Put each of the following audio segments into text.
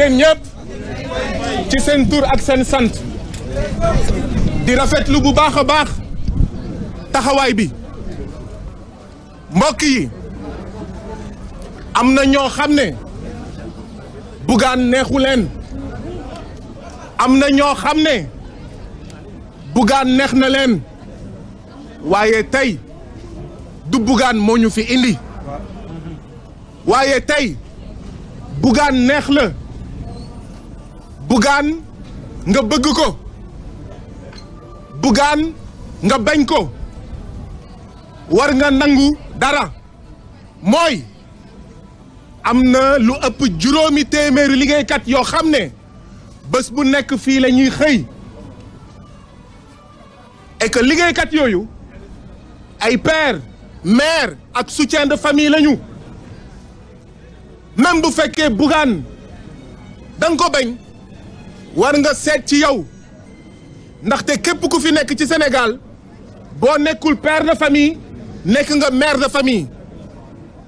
yéen ñëpp ci seen tur ak seen sant di rafetlu bu baax a baax taxawaay bi mbokk yi am na ñoo xam am na ñoo xam ne bugaan neex na leen waaye tey du bugaan moo ñu fi indi waaye tey bugaan neex la bugaan nga bëgg ko bugaan nga bañ ko war nga nangu dara mooy am na lu ëpp juróomi téeméeri liggéeykat yoo xam ne bés bu nekk fii la ñuy xëy et que yooyu ay père mère ak soutien de famille lañu nam bu fekkee bugaan da nga ko bañ war nga seet ci yow ndaxte képp ku fi nekk ci Sénégal boo nekkul père de famille nekk nga mère de famille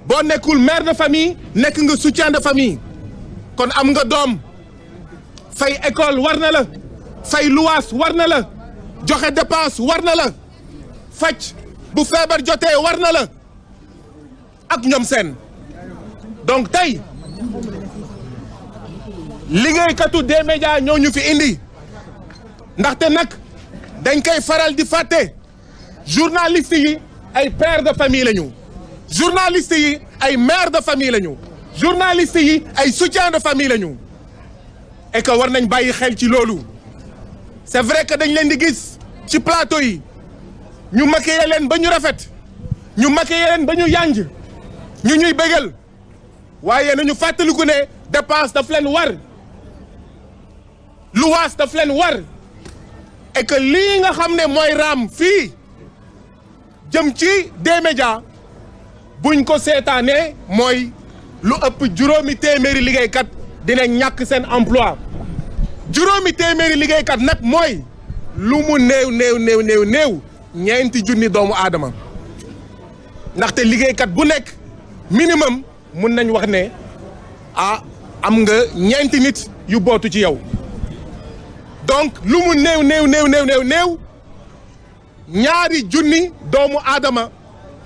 boo nekkul mère de famille nekk nga soutien de famille kon am nga doom fay école war na la fay luwaas war na la joxe dépense war na la faj bu feebar jotee war na la ak ñoom seen donc tey liggéeykatu des médias ñoo ñu fi indi ndaxte nag dañ koy faral di fàtte journaliste yi ay père de famille lañu journaliste yi ay mère de famille lañu journaliste yi ay soutien de famille lañu et que war nañ bàyyi xel ci loolu c'est vrai que dañ leen di gis ci plateau yi ñu maquiller leen ba ñu rafet ñu maquiller leen ba ñu yànj ñu ñuy bégal waaye nañu fàttaliku ne dépense daf leen war lu waas daf leen war et que lii nga xam ne mooy raam fii jëm ci D-Média buñ ko seetaanee mooy lu ëpp juróomi téeméeri liggéeykat dina ñàkk seen emploi juróomi téeméeri liggéeykat nag mooy lu mu néew néew néew néew néew ñeenti junni doomu aadama ndaxte liggéeykat bu nekk minimum mun nañ wax ne ah am nga ñeenti nit yu bootu ci yow donc lu mu néew néew néew néew néew néew ñaari junni doomu aadama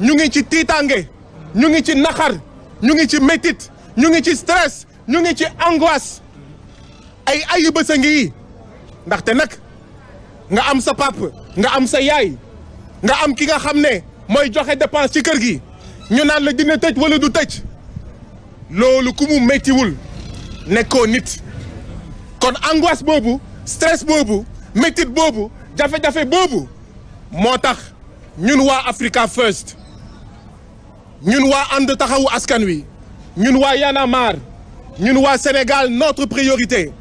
ñu ngi ci tiitaange ñu ngi ci naxar ñu ngi ci métit ñu ngi ci stress ñu ngi ci angoisse ay ayu bés a ngi yi ndaxte nag nga am sa pap nga am sa yaay nga am ki nga xam ne mooy joxe dépense ci kër gi ñu naan la dina tëj wala du tëj loolu ku mu méttiwul nekkoo nit kon angoisse boobu stress boobu métit boobu jafe-jafe boobu moo tax ñun waa Africa First ñun waa ànd taxawu askan wi ñun waa Y'en a waa Sénégal notre priorité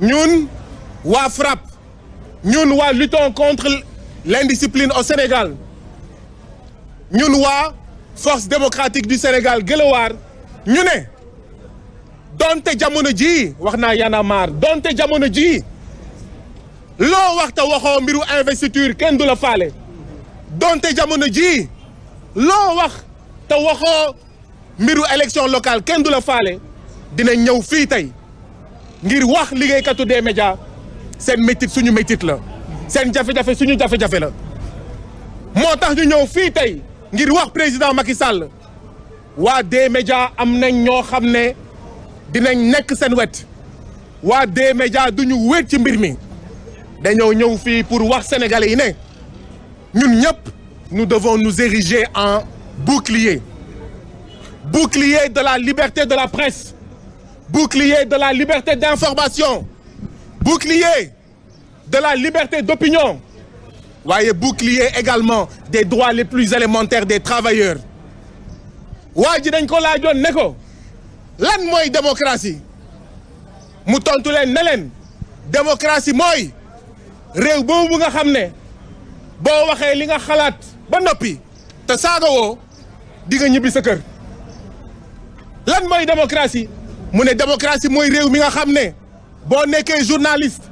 ñun waa FRAPP ñun waa luttons contre l'indiscipline au Sénégal ñun waa force démocratique du Sénégal gëlawaar ñu ne donte jamono jii wax naa Y'en a marre jamono jii loo waxta waxo mbiru investiture kenn du la faale donte jamono jii loo wax te waxoo mbiru élection locale kenn du la faale dina ñëw fii tey ngir wax liggéeykatu des médias seen métit suñu métit la seen jafe-jafe suñu jafe-jafe la moo tax ñu ñëw fii tey ngir wax président Macky Sall waa des médias am na ñoo xam ne dinañ nekk seen wet waa D-Média duñu wéet ci mbir mi dañoo ñëw fii pour wax sénégalais yi ne ñun ñëpp nous devons nous ériger en bouclier bouclier de la liberté de la presse bouclier de la liberté d'information bouclier de la liberté d'opinion waaye bouclier également des droits les plus élémentaires des travailleurs waa ji dañ ko laajoon ne lan mooy démocratie mu tontu leen ne leen démocratie mooy réew boobu nga xam ne boo waxee li nga xalaat ba noppi te saagawoo di nga ñibbi sa kër lan mooy démocratie mu ne démocratie mooy réew mi nga xam ne boo nekkee journaliste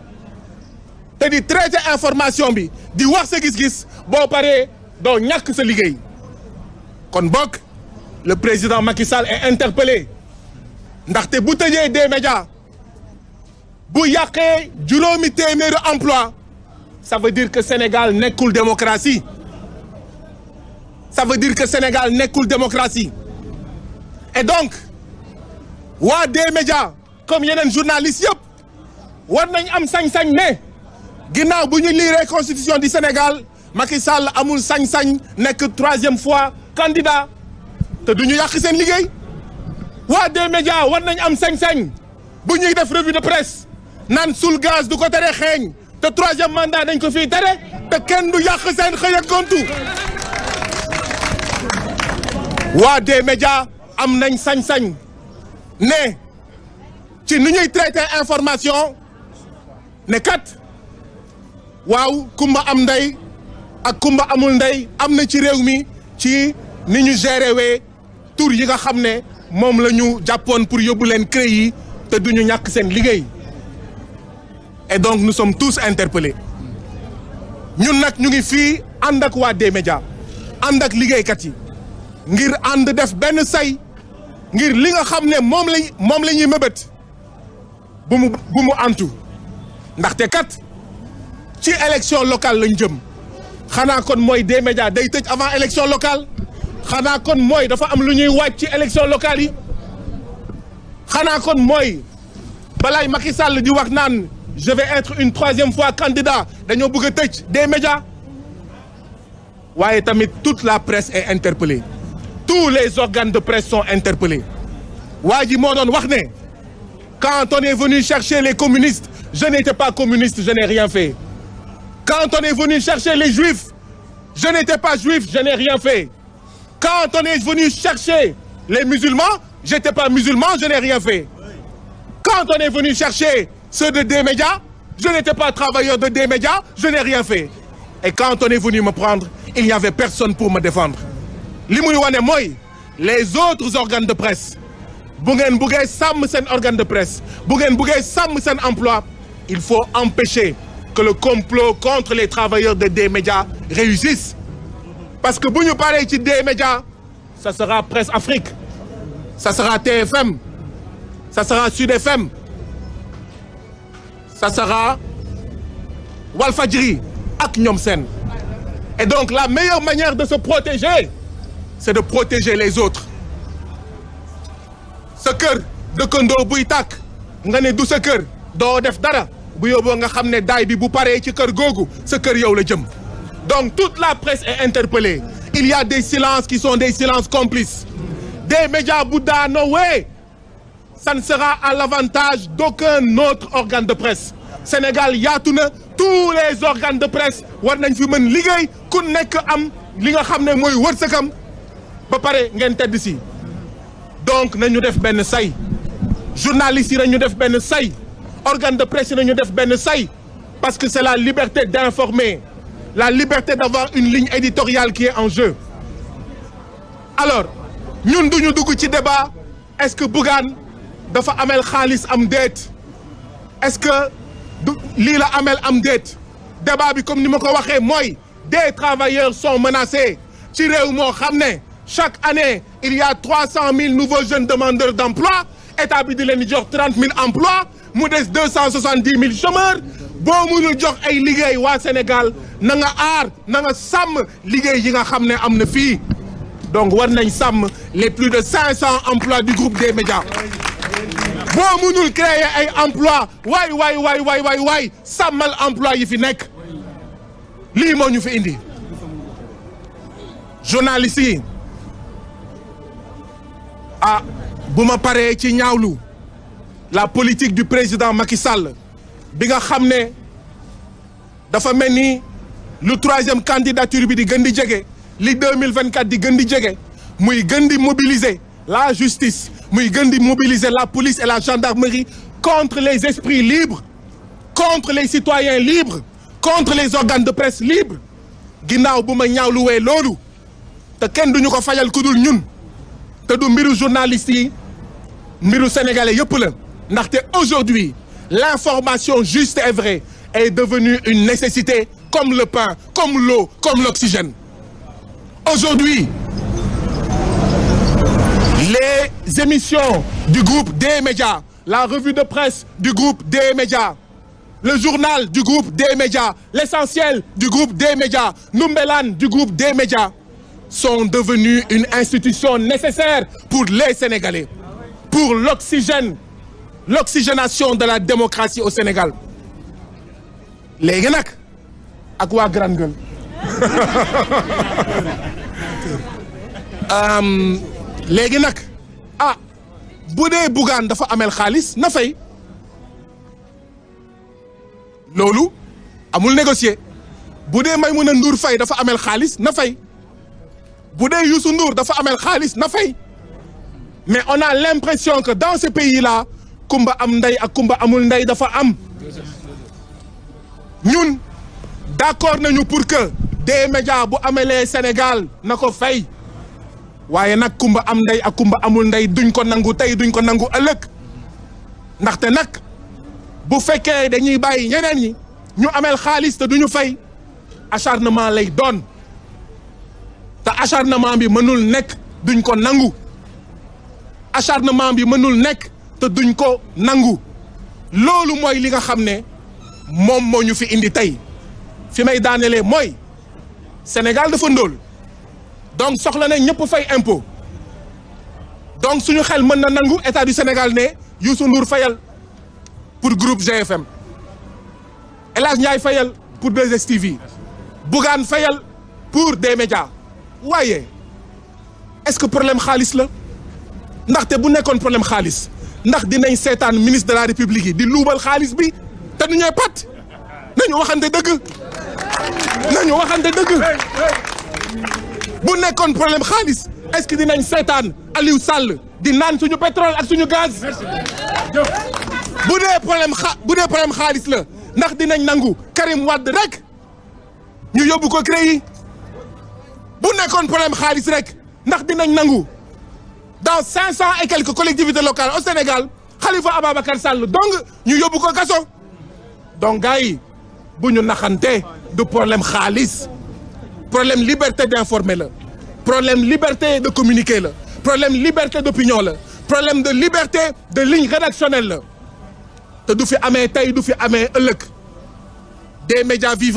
te di traité information bi di wax sa gis-gis boo paree doo ñàkk sa liggéey kon bokk le président Macky Sall est interpellé ndaxte bu tëjee des médias bu yàqee juróomi téeméeri emploi ça veut dire que Sénégal nekkul démocratie ça veut dire que Sénégal nekkul démocratie et donc waa des médias comme yeneen journalistes yëpp war nañ am sañ-sañ ne ginnaaw bu ñu liiree constitution di Sénégal Macky Sall amul sañ-sañ nekk troisième fois candidat te du ñu yàq seen liggéey. waa des médias war nañ am sañ-sañ bu ñuy def revue de presse naan sul gaz du ko tere xeeñ te troisième mandat dañ ko fiy tere te kenn du yàq seen xëy ak gontu waa des médias am nañ sañ-sañ ne ci ni ñuy traité information ne kat waaw kumba am ndey ak kumba amul ndey am na ci réew mi ci ni ñu géré wee tur yi nga xam ne moom la ñu jàppoon pour yóbbu leen CREI yi te du ñu ñàkk seen liggéey et donc nous sommes tous interpellés ñun nag ñu ngi fii ànd ak waa D-Média ànd ak liggéeykat yi ngir ànd def benn say ngir li nga xam ne moom lañ moom la ñuy mébét bu mu antu ndaxte kat ci élection locale lañ jëm xanaa kon mooy D-Média day tëj avant élection locale xanaa kon mooy dafa am lu ñuy waaj ci élection locale yi xanaa kon mooy balaay Macky Sall di wax naan je vais être une troisième fois candidat dañoo bëgg a tëj des médias waaye tamit toute la presse est interpellée tous les organes de presse sont interpellés waa ji moo doon wax ne quand on est venu chercher les communistes je n'étais pas communistes je n'ai rien fait quand on les juifs je n'étais pas juif je n'ai rien fait Quand on est venu chercher les musulmans, je n'étais pas musulman, je n'ai rien fait. Quand on est venu chercher ceux de D-Média, je n'étais pas travailleur de D-Média, je n'ai rien fait. Et quand on est venu me prendre, il n'y avait personne pour me défendre. li muy wane mooy les autres organes de presse bu ngeen buggee sàmm seen organe de presse bu ngeen buggee sàmm seen emploi il faut empêcher que le complot contre les travailleurs de D-Média réussisse parce que bu ñu paree ci D-Média ça sera Presse Afrique ça sera TFM ça sera Sud FM sera Walfadjri ak ñoom seen et donc la meilleure manière de se protéger c'est de protéger les autres sa kër dëkkandoo buy tàkk nga ne du sa kër doo def dara bu yóbboo nga xam ne daay bi bu paree ci kër googu sa kër yow la jëm Donc toute la presse est interpellée. Il y a des silences qui sont des silences complices. Des médias Bouddha, no way. Ça ne sera à l'avantage d'aucun autre organe de presse. Sénégal yaatu na tous les organes de presse war nañ fi mën liggéey ku nekk am li nga xam ne mooy wërsëgam ba pare ngeen tedd si donc nañu def benn say journalistes yi nañu def benn say organe de presse yi nañu def benn say parce que c'est la liberté d'informer la liberté d'avoir une ligne éditoriale qui est en jeu alors ñun duñu dugg ci débat est-ce que Bougane dafa amel xaalis am déet est-ce que du lii la amel am déet débat bi comme ni ma ko waxee mooy des travailleurs sont menacés ci réew moo xam ne chaque année il y a trois cent mille nouveaux jeunes demandeurs d'emploi état bi di leen di jox trente mille emplois mu des deux cent soixante-dix mille chômeurs boo mënul jox ay liggéey waa Sénégal na nga aar na nga sàmm liggéey yi nga xam ne am na fii donc war nañ sàmm les plus de cinq cent emplois du groupe des médias boo mënul créer ay emploi waay waay waay waay waay waay sàmmal emploi yi fi nekk lii moo ñu fi indi journaliste yi ah bu ma paree ci ñaawlu la politique du président Macky Sall bi nga xam ne dafa mel ni lu troisième candidature bi di gën di jege li deux mille vingt quatre di gën di jege muy gën di mobiliser la justice muy gën di mobiliser la police et la gendarmerie contre les esprits libres contre les citoyens libres contre les organes de presse libres ginnaaw bu ma ñaaw lu ñaawluwee loolu te kenn du ñu ko fajal ku dul ñun te du mbiru journaliste yi mbiru sénégalais yëpp la ndaxte aujourd'hui l'information juste et vraie est devenue une nécessité comme le pain, comme l'eau, comme l'oxygène. Aujourd'hui, les émissions du groupe des médias, la revue de presse du groupe des médias, le journal du groupe des médias, l'essentiel du groupe des médias, Numbelan du groupe des médias, sont devenus une institution nécessaire pour les Sénégalais, pour l'oxygène, l'oxygénation de la démocratie au Sénégal. léegi nag ak waa Grande Gueule léegi nag ah bu dee dafa amel xaalis na fay loolu amul négocier bu dee Maimouna Ndour Faye dafa ameel xaalis na fay bu dee Youssou dafa amel xaalis na fay mais on a l'impression que dans ce pays là kumba am ndey ak kumba amul nday dafa am ñun d'accord nañu pour que des médias bu amelee Sénégal na ko fay waaye nag kumba am ndey ak kumba amul ndey duñ ko nangu tey duñ ko nangu ëllëg ndaxte nag bu fekkee dañuy bàyyi ñeneen ñi ñu ameel xaalis te duñu fay acharnement lay doon te acharnement bi mënul nekk duñ ko nangu acharnement bi mënul nekk te duñ ko nangu loolu mooy li nga xam ne moom moo ñu fi indi tey fi may daanelee mooy Sénégal dafa ndóol donc soxla na ñëpp fay impo donc suñu xel mën na nangu état du Sénégal ne Youssou Ndour fayal pour groupe GFM El Hadj Ndiaye fayal pour 2STV Bougane fayal pour des médias waaye est-ce que problème xaalis la ndaxte bu nekkoon problème xaalis ndax dinañ seetaan ministre de la république yi di luubal xaalis bi te du ñooy pat nañu waxante dëgg nañu bu nekkoon problème xaalis est-ce que dinañ seetaan Aliou Sall di naan suñu pétrole ak suñu gaz bu dee problème bu dee problème xaalis la ndax dinañ nangu Karim Wade rek ñu yóbbu ko CREI bu nekkoon problème xaalis rek ndax dinañ nangu dans cinq cent et quelques collectivités locales au Sénégal Khalifa Ababacar Sall donc ñu yóbbu ko kaso donc gars bu ñu naxante du problème xaalis problème liberté d'informer la problème liberté de communiquer la problème liberté d'opinion la problème de liberté de ligne rédactionnelle la te du fi amee tey du fi amee ëllëg des médias vivants